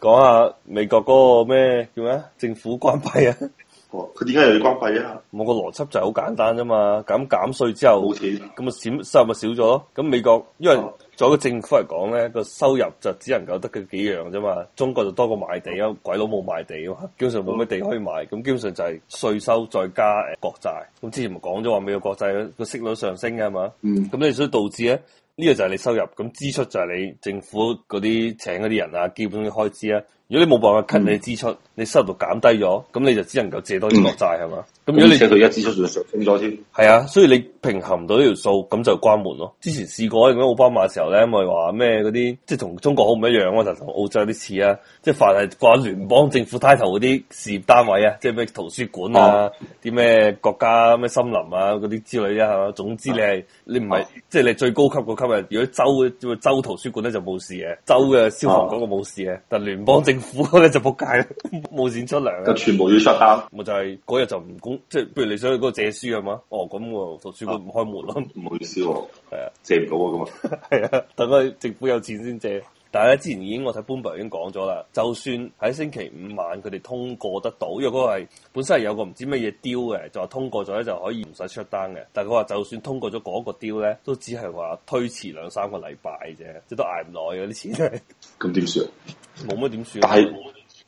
講下美國嗰個咩叫咩？政府關閉啊！佢點解又要關閉啊？我個邏輯就係好簡單啫嘛，咁減稅之後，冇錢、啊，咁啊少收入咪少咗咯。咁美國因為作為、啊、一個政府嚟講咧，個收入就只能夠得佢幾樣啫嘛。中國就多個賣地啊，鬼佬冇賣地啊嘛，基本上冇咩地可以賣。咁、啊、基本上就係稅收再加誒國債。咁之前咪講咗話美國國債咧個息率上升嘅係嘛？咁、嗯、你所以導致咧。呢個就係你收入，咁支出就係你政府嗰啲請嗰啲人啊，基本嘅開支啊。如果你冇辦法 cut 你支出，嗯、你收入減低咗，咁你就只能夠借多啲國債係嘛？咁、嗯、如果你而且而家支出仲清楚先係啊，所以你平衡唔到呢條數，咁就關門咯。之前試過，咁奧巴馬嘅時候咧，咪話咩嗰啲，即係同中國好唔一樣啊，就同澳洲有啲似啊。即係凡係掛聯邦政府 title 嗰啲事業單位啊，即係咩圖書館啊，啲咩的國家咩森林啊嗰啲之類啊，係嘛？總之你係的你唔係，即係你最高級個級。如果州州圖書館咧就冇事嘅，州嘅消防嗰個冇事嘅，但聯邦政府嗰咧就仆街，冇錢出糧。就全部要刷卡，咪就係嗰日就唔公，即係譬如，你想去嗰度借書啊嘛，哦咁，圖書館唔開門咯，唔好意思，係啊，係啊借唔到啊嘛，係 啊，等佢政府有錢先借。但係咧，之前已經我睇《Bloomberg》已經講咗啦。就算喺星期五晚佢哋通過得到，因為嗰個係本身係有個唔知乜嘢雕嘅，就話通過咗咧就可以唔使出單嘅。但係佢話就算通過咗嗰個雕咧，都只係話推遲兩三個禮拜啫，即都捱唔耐嗰啲錢。咁點算？冇乜點算？但係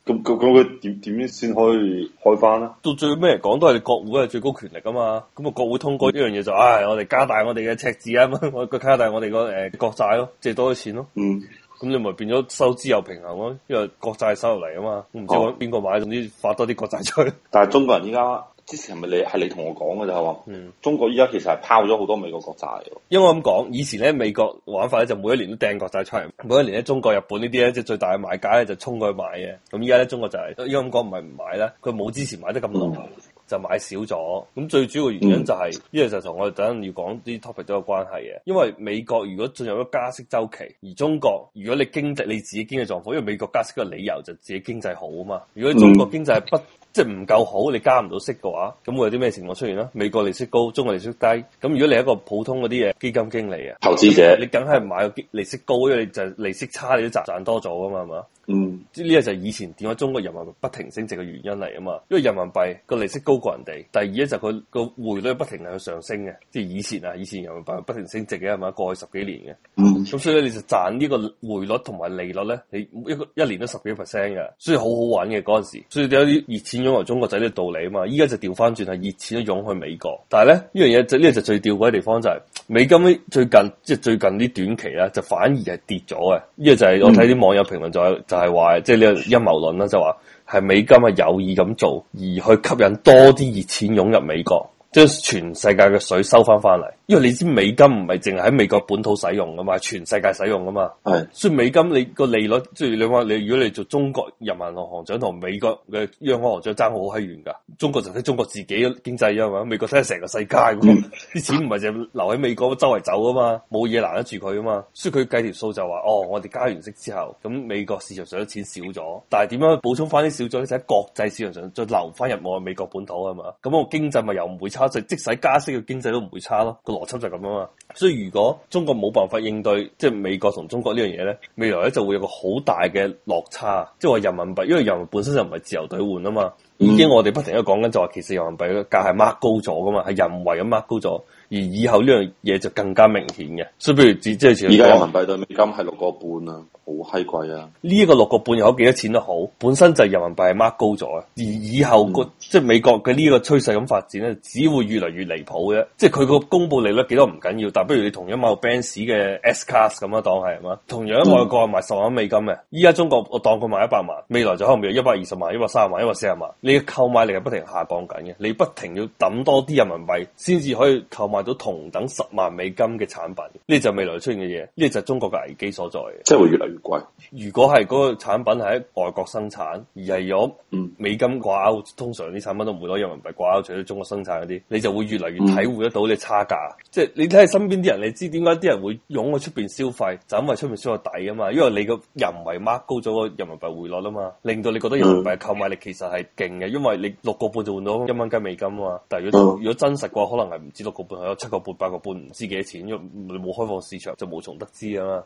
咁咁咁，佢點點先可以開翻咧？到最尾嚟講，都係國會係最高權力噶嘛。咁啊，國會通過呢樣嘢就唉、哎，我哋加大我哋嘅赤字啊，我佢加大我哋個誒國債咯，借多啲錢咯。嗯。咁你咪變咗收支又平衡咯，因為國債收入嚟啊嘛，唔知搵邊個買，總之發多啲國債出去。但係中國人依家之前係咪你係你同我講嘅就係話，嗯、中國依家其實係拋咗好多美國國債嚟。因為我咁講，以前咧美國玩法咧就每一年都掟國債出嚟，每一年咧中國、日本呢啲咧即係最大嘅買家咧就衝過去買嘅。咁依家咧中國就係、是、因為我咁講唔係唔買啦，佢冇之前買得咁濃。嗯就買少咗，咁最主要原因就係、是，一係就同我哋等陣要講啲 topic 都有關係嘅，因為美國如果進入咗加息週期，而中國如果你經濟你自己經濟狀況，因為美國加息嘅理由就自己經濟好啊嘛，如果中國經濟係不。嗯即係唔夠好，你加唔到息嘅話，咁會有啲咩情況出現咧？美國利息高，中國利息低，咁如果你一個普通嗰啲嘅基金經理啊，投資者，你梗係買個利息高，因為你就利息差你都賺賺多咗噶嘛，係嘛？嗯，呢個就係以前點解中國人民幣不停升值嘅原因嚟啊嘛？因為人民幣個利息高過人哋，第二咧就佢個匯率不停係去上升嘅，即係以前啊，以前人民幣不停升值嘅係嘛？過去十幾年嘅，咁，嗯，所以咧你就賺呢個匯率同埋利率咧，你一個一年都十幾 percent 嘅，所以好好玩嘅嗰陣時，所以有啲熱錢。因為中國仔呢個道理啊嘛，依家就調翻轉係，熱錢都湧去美國，但係咧呢樣嘢，呢樣就最吊詭嘅地方就係、是、美金呢最近即係最近啲短期咧就反而係跌咗嘅，呢、這個就係我睇啲網友評論就係就係話即係呢個陰謀論啦，就話、是、係、就是、美金係有意咁做，而去吸引多啲熱錢湧入美國。將全世界嘅水收翻翻嚟，因為你知美金唔係淨係喺美國本土使用噶嘛，全世界使用噶嘛，係的。所以美金你個利率，即係你話你如果你做中國人民銀行行長同美國嘅央行行長爭好閪遠噶，中國就睇中國自己經濟啊嘛，美國睇下成個世界，啲 錢唔係淨留喺美國周圍走噶嘛，冇嘢攔得住佢噶嘛，所以佢計條數就話，哦，我哋加完息之後，咁美國市場上嘅錢少咗，但係點樣補充翻啲少咗咧？就喺國際市場上再流翻入我美國本土啊嘛，咁我經濟咪又唔會即使加息嘅經濟都唔會差咯，個邏輯就係咁啊嘛。所以如果中國冇辦法應對，即係美國同中國呢樣嘢咧，未來咧就會有個好大嘅落差。即係話人民幣，因為人民本身就唔係自由兌換啊嘛，嗯、已經我哋不停都講緊，就話其實人民幣嘅價係掹高咗噶嘛，係人為咁掹高咗。而以後呢樣嘢就更加明顯嘅，所以譬如即係以前，而家人民幣對美金係六個半啊，好閪貴啊！呢一個六個半，又有幾多錢都好，本身就係人民幣係 mark 高咗啊！而以後個即係美國嘅呢個趨勢咁發展咧，只會越嚟越離譜嘅，即係佢個公佈利率幾多唔緊要，但不如你同樣買 Benz 嘅 S Class 咁啊，當係係嘛？同樣外國賣十萬美金嘅，依家中國我當佢賣一百萬，未來就可能有一百二十萬、一百三十萬、一百四十萬，你嘅購買力係不停下降緊嘅，你不停要抌多啲人民幣先至可以購買。買到同等十萬美金嘅產品，呢就未來出現嘅嘢，呢就係中國嘅危機所在，即係會越嚟越貴。如果係嗰個產品係喺外國生產，而係用美金掛鈎，嗯、通常啲產品都唔會攞人民幣掛鈎，除咗中國生產嗰啲，你就會越嚟越體會得到呢差價。嗯、即係你睇下身邊啲人，你知點解啲人會湧去出邊消費，就是、因為出邊消費抵啊嘛。因為你個人為掹高咗個人民幣匯率啊嘛，令到你覺得人民幣購買力其實係勁嘅，嗯、因為你六個半就換到一蚊雞美金啊嘛。但係如果、嗯、如果真實嘅話，可能係唔止六個半。有七個半，八個半，唔知幾多錢，因為冇開放市場就無從得知啊嘛。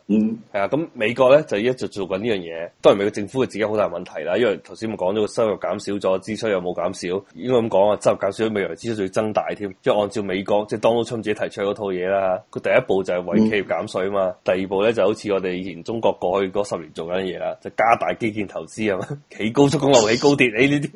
係啊、嗯，咁美國咧就一直做緊呢樣嘢。當然，美國政府嘅自己好大問題啦，因為頭先咪講咗個收入減少咗，支出又冇減少，應該咁講啊，收入減少，未來支出就要增大添。即係按照美國即係 Donald Trump 自己提出嗰套嘢啦，佢第一步就係為企業減稅啊嘛，第二步咧就好似我哋以前中國過去嗰十年做緊嘢啦，就加大基建投資啊嘛， 起高速公路，起高鐵呢啲，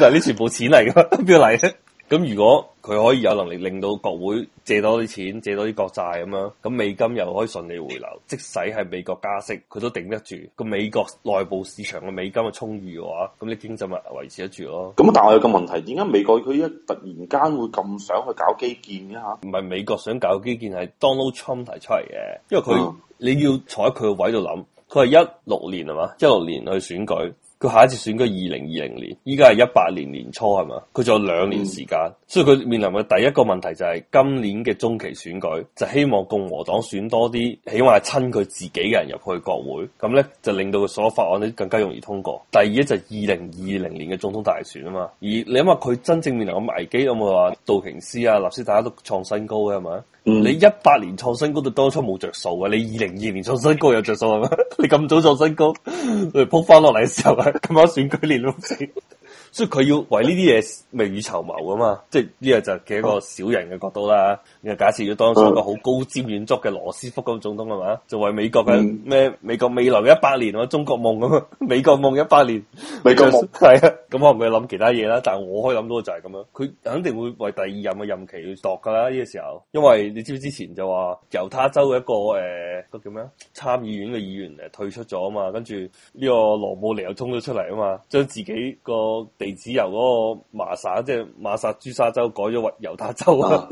但係啲全部錢嚟噶，邊度嚟咁如果佢可以有能力令到國會借多啲錢、借多啲國債咁樣，咁美金又可以順利回流，即使係美國加息，佢都頂得住。個美國內部市場嘅美金嘅充裕嘅話，咁你經濟咪維持得住咯。咁但係我有個問題，點解美國佢一突然間會咁想去搞基建嘅吓？唔係美國想搞基建，係 Donald Trump 提出嚟嘅。因為佢、嗯、你要坐喺佢個位度諗，佢係一六年係嘛？一六年去選舉。佢下一次選舉二零二零年，依家係一八年年初係嘛？佢仲有兩年時間，嗯、所以佢面臨嘅第一個問題就係、是、今年嘅中期選舉，就希望共和黨選多啲，起碼係親佢自己嘅人入去國會，咁咧就令到佢所有法案咧更加容易通過。第二咧就二零二零年嘅總統大選啊嘛。而你諗下佢真正面臨嘅危機有冇話道瓊斯啊、納斯達克都創新高嘅係咪？嗯、你一八年創新高就當初冇着數嘅，你二零二年創新高有着數係咪？ 你咁早創新高嚟撲翻落嚟嘅時候咁我選舉年老死。 所以佢要為呢啲嘢未雨綢繆啊嘛，即係呢個就係一個小型嘅角度啦。你就假設要果當上一個好高瞻遠矚嘅羅斯福咁總統係嘛，就為美國嘅咩、嗯、美國未來嘅一百年啊，中國夢咁啊，美國夢一百年，美國夢係啊，咁、嗯嗯嗯、我唔會諗其他嘢啦，但係我可以諗到就係咁樣，佢肯定會為第二任嘅任期去度噶啦呢、這個時候，因為你知唔知之前就話猶他州嘅一個誒個叫咩啊參議院嘅議員誒退出咗啊嘛，跟住呢個羅姆尼又衝咗出嚟啊嘛，將自己個。地址由嗰個麻薩即係麻薩朱砂州改咗為猶他州啊，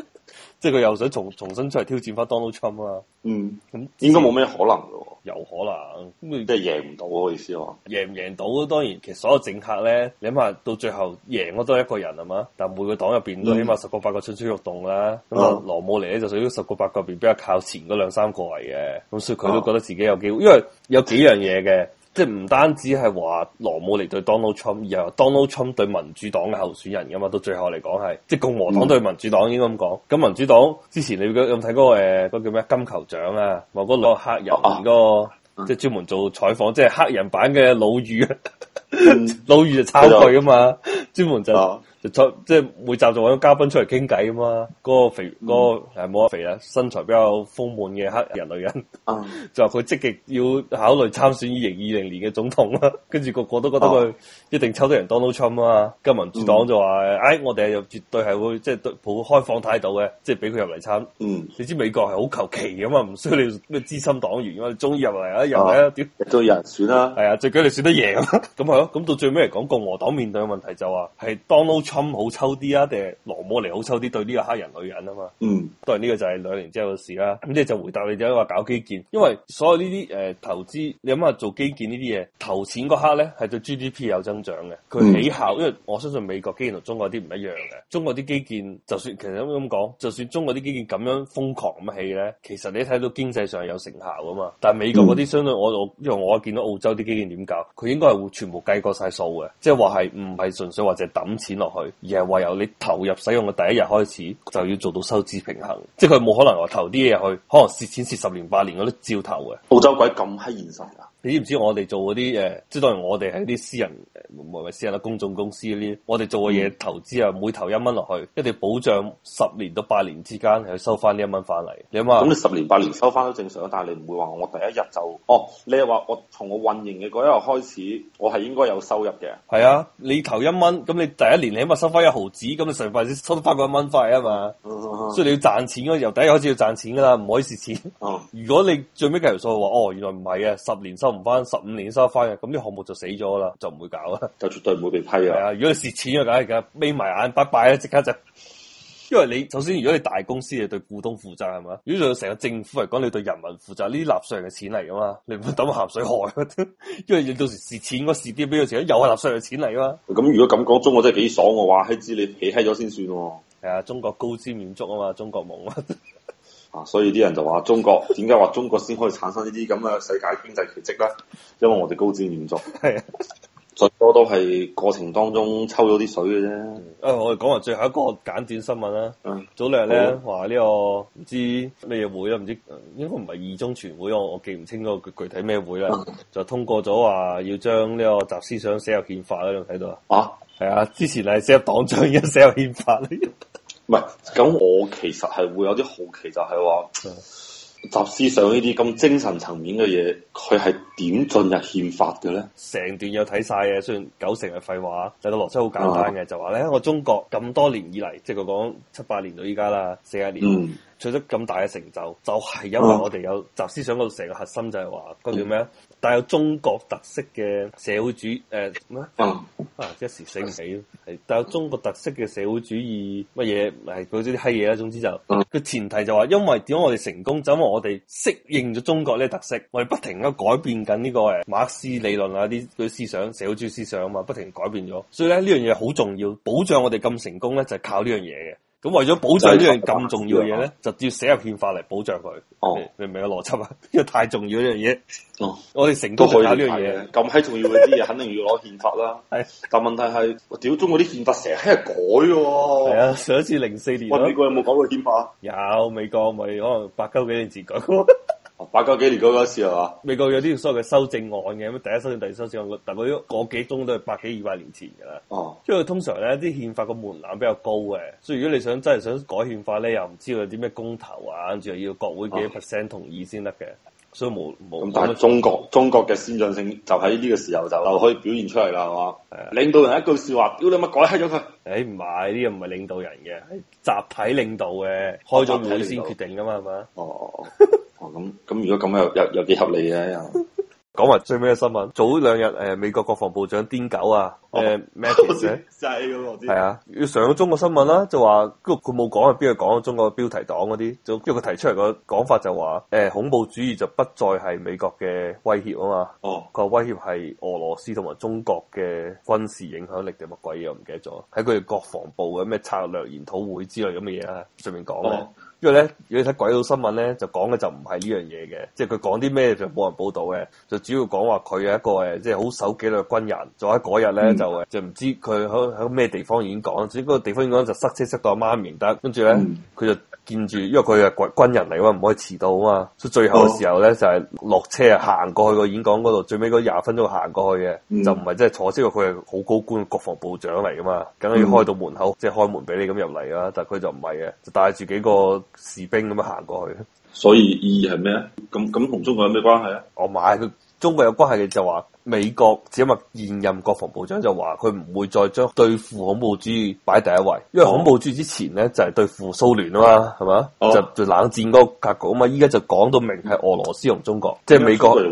即係佢又想重重新出嚟挑戰翻 Donald Trump 啊，嗯，咁、嗯、應該冇咩可能咯，有可能咁即係贏唔到嘅意思咯，贏唔贏到當然，其實所有政客咧，你諗下到最後贏都係一個人係嘛，但每個黨入邊都起碼十個八個蠢蠢欲動啦，咁啊羅姆尼咧就屬於十個八個入邊比較靠前嗰兩三個嚟嘅，咁所以佢都覺得自己有機會，嗯、因為有幾樣嘢嘅。嗯即係唔單止係話羅姆尼對 Donald Trump，然後 Donald Trump 對民主黨嘅候選人噶嘛，到最後嚟講係即係共和黨對民主黨應該咁講。咁、嗯、民主黨之前你有冇睇嗰個誒、嗰個叫咩金球獎啊？或、那、嗰個黑人嗰、嗰個、啊啊、即係專門做採訪，即係黑人版嘅老魚嘅老 魚就抄佢噶嘛，專、啊啊、門就。啊就出即係每集就揾嘉賓出嚟傾偈啊嘛，嗰、那個肥嗰、那個誒冇話肥啊，身材比較豐滿嘅黑人女人，就話佢積極要考慮參選二零二零年嘅總統啦，跟住個個都覺得佢一定抽到人 Donald Trump 啊嘛。跟民主黨就話，嗯、哎我哋又絕對係會即係抱開放態度嘅，即係俾佢入嚟參，嗯、你知美國係好求其噶嘛，唔需要你咩資深黨員，咁你中意入嚟啊入嚟啊，做、啊嗯、要人選啦、啊，係啊最緊你選得贏，咁係咯，咁到最尾嚟講共和黨面對嘅問題就話係 Donald。好抽啲啊，定係羅姆尼好抽啲？對呢個黑人女人啊嘛，嗯，當然呢個就係兩年之後嘅事啦、啊。咁即係就回答你，就係話搞基建，因為所有呢啲誒投資，你諗下做基建呢啲嘢，投錢嗰刻咧係對 GDP 有增長嘅。佢起效，嗯、因為我相信美國基建同中國啲唔一樣嘅。中國啲基建就算其實咁講，就算中國啲基建咁樣瘋狂咁起咧，其實你睇到經濟上有成效吖嘛。但係美國嗰啲相對我，我因為我見到澳洲啲基建點搞，佢應該係會全部計過晒數嘅，即係話係唔係純粹或者抌錢落去。佢而係話由你投入使用嘅第一日開始，就要做到收支平衡，即係佢冇可能話投啲嘢去，可能蝕錢蝕十年八年嗰啲照投嘅。澳洲鬼咁閪現實啊，你知唔知我哋做嗰啲誒，即係當然我哋係啲私人，唔係唔係私人嘅、啊、公眾公司嗰啲，我哋做嘅嘢、嗯、投資啊，每投一蚊落去，一定保障十年到八年之間係收翻呢一蚊翻嚟，你明嘛？咁你十年八年收翻都正常，但係你唔會話我第一日就哦，你話我從我運營嘅嗰一日開始，我係應該有收入嘅。係啊，你投一蚊，咁你第一年你。咪收翻一毫子，咁你成份先收翻個一蚊塊啊嘛，哦、所以你要賺錢，由第一開始要賺錢噶啦，唔可以蝕錢。哦、如果你最尾計條數話，哦，原來唔係啊，十年收唔翻，十五年收翻啊，咁啲項目就死咗啦，就唔會搞啦，就絕對唔會被批啊。如果你蝕錢咗，梗係噶眯埋眼，拜拜即刻就。因為你首先，如果你大公司你對股東負責係嘛，如果做成個政府嚟講，你對人民負責，呢啲納稅人嘅錢嚟噶嘛，你唔會抌鹹水海，因為你到時蝕錢嗰時啲俾佢錢，又係納稅人嘅錢嚟噶嘛。咁如果咁講，中國真係幾爽嘅話，閪知你起閪咗先算喎、啊。係啊，中國高瞻遠矚啊嘛，中國夢 啊，所以啲人就話中國點解話中國先可以產生呢啲咁嘅世界經濟奇跡咧？因為我哋高瞻遠矚。係啊。最多都係過程當中抽咗啲水嘅啫。誒、哎，我哋講下最後一個簡短新聞啦。嗯、早兩日咧，話呢的、這個唔知咩嘢會啦，唔知應該唔係二中全會，我我記唔清個具具體咩會啦。啊、就通過咗話要將呢個習思想寫入憲法啦，你睇到啊？啊，係啊！之前係寫入黨章，而家寫入憲法。唔 係，咁我其實係會有啲好奇就，就係話習思想呢啲咁精神層面嘅嘢，佢係。點進入憲法嘅咧？成段有睇晒嘅，雖然九成係廢話，但個邏輯好簡單嘅，啊、就話咧我中國咁多年以嚟，即係佢講七八年到依家啦，四十年。嗯取得咁大嘅成就，就係、是、因為我哋有習思想嗰度成個核心就係話個叫咩？帶有中國特色嘅社會主義誒咩、呃？啊，一時死唔死？係帶有中國特色嘅社會主義乜嘢？係嗰啲啲閪嘢啦。總之就個、是、前提就話，因為點解我哋成功？就是、因為我哋適應咗中國呢特色，我哋不停咁改變緊呢個誒馬克思理論啊啲嗰思想、社會主義思想啊嘛，不停改變咗。所以咧呢樣嘢好重要，保障我哋咁成功咧就係靠呢樣嘢嘅。咁為咗保障呢樣咁重要嘅嘢咧，就要寫入憲法嚟保障佢。哦，明唔明個邏輯啊？因為 太重要呢樣嘢，哦，我哋成日都寫呢樣嘢，咁閪重要嗰啲嘢， 肯定要攞憲法啦。係是，但問題係，我屌中國啲憲法成日喺度改嘅、啊。係啊，上一次零四年，美國有冇改過憲法？有，美國咪可能百鳩幾年自改、啊。 八九幾年嗰嗰次係嘛？美國有啲所謂嘅修正案嘅，咁第一修正、第二修正案，大概嗰幾宗都係百幾、二百年前噶啦。哦、啊，因為通常咧啲憲法個門檻比較高嘅，所以如果你想真係想改憲法咧，又唔知道有啲咩公投啊，跟住又要國會幾 percent、啊、同意先得嘅，所以冇冇。咁但係中國無中國嘅先進性就喺呢個時候就可以表現出嚟啦，係嘛、啊？吧領導人一句說話，屌你咪改咗佢。誒唔係呢個唔係領導人嘅，係集體領導嘅，開咗會先決定噶嘛，係嘛、啊？哦。 咁咁、哦、如果咁又又有幾合理呢，又講埋最尾嘅新聞，早兩日誒，美國國防部長癲狗啊，誒，咩嚟嘅？就係嗰個，係啊，要上中國新聞啦，就話，佢冇講係邊個講，中國標題黨嗰啲，就因為佢提出嚟個講法就話，誒、呃，恐怖主義就不再係美國嘅威脅啊嘛，哦，個威脅係俄羅斯同埋中國嘅軍事影響力定乜鬼嘢，我唔記得咗，喺佢嘅國防部嘅咩策略研討會之類咁嘅嘢啊，上面講因為咧，如果睇鬼佬新聞咧，就講嘅就唔係呢樣嘢嘅，即係佢講啲咩就冇人報道嘅，就主要講話佢係一個誒，即係好守紀律嘅軍人。就喺嗰日咧，就就唔知佢喺喺咩地方演講，至於嗰個地方演講就塞車塞到阿媽唔認得。跟住咧，佢就見住，因為佢係軍軍人嚟嘅嘛，唔可以遲到啊嘛。所以最後嘅時候咧，就係、是、落車行過去個演講嗰度，最尾嗰廿分鐘行過去嘅，就唔係真係坐車。佢係好高官，國防部長嚟噶嘛，梗係要開到門口，嗯、即係開門俾你咁入嚟啊。但係佢就唔係嘅，就帶住幾個。士兵咁樣行過去，所以意義係咩啊？咁咁同中國有咩關係啊？我買佢中國有關係嘅就話，美國只因為現任國防部長就話佢唔會再將對付恐怖主義擺第一位，因為恐怖主義之前咧就係、是、對付蘇聯啊嘛，係嘛，就、哦、就冷戰個格局啊嘛，依家就講到明係俄羅斯同中國，即係美國會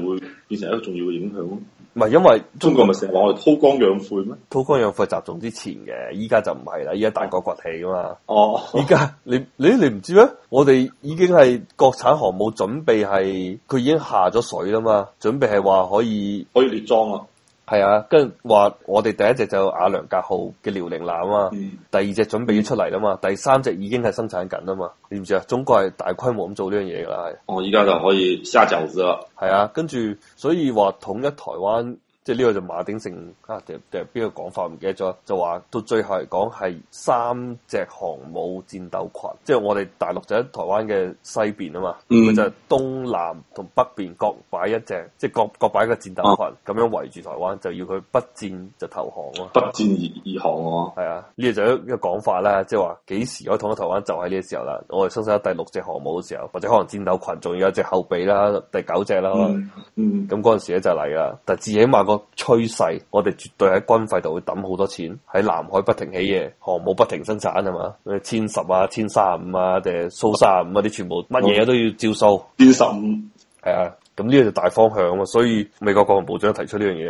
變成一個重要嘅影響。唔係，因為中國咪成日話我哋韜光養晦咩？韜光養晦集中之前嘅，依家就唔係啦。依家大國崛起啊嘛。哦、啊，依家你你你唔知咩？我哋已經係國產航母準備係，佢已經下咗水啦嘛。準備係話可以可以列裝啊。係啊，跟住話我哋第一隻就瓦良格號嘅遼寧艦啊嘛，嗯、第二隻準備要出嚟啦嘛，嗯、第三隻已經係生產緊啊嘛，你唔知啊？中國係大規模咁做呢樣嘢噶啦，係。我，依家就可以下餃子啦。係啊，跟住所以話統一台灣。即係呢個就馬鼎盛啊，定定邊個講法唔記得咗，就話到最後嚟講係三隻航母戰鬥群，即、就、係、是、我哋大陸就喺台灣嘅西邊啊嘛，佢、嗯、就東南同北邊各擺一隻，即、就、係、是、各各擺一個戰鬥群，咁、啊、樣圍住台灣，就要佢不戰就投降咯、啊，不戰而而降咯，係啊，呢、啊這個就一個講法啦，即係話幾時可以統一台灣就喺呢個時候啦。我哋相信有第六隻航母嘅時候，或者可能戰鬥群仲要一隻後備啦，第九隻啦。嗯，咁嗰陣時咧就嚟啦，但係最起碼趨勢，我哋絕對喺軍費度會抌好多錢，喺南海不停起嘢，嗯、航母不停生產啊嘛，千十啊、千三啊五啊，定係蘇三啊五啲，全部乜嘢都要招數，二十五，係啊，咁呢個就大方向啊，所以美國國防部長提出呢樣嘢。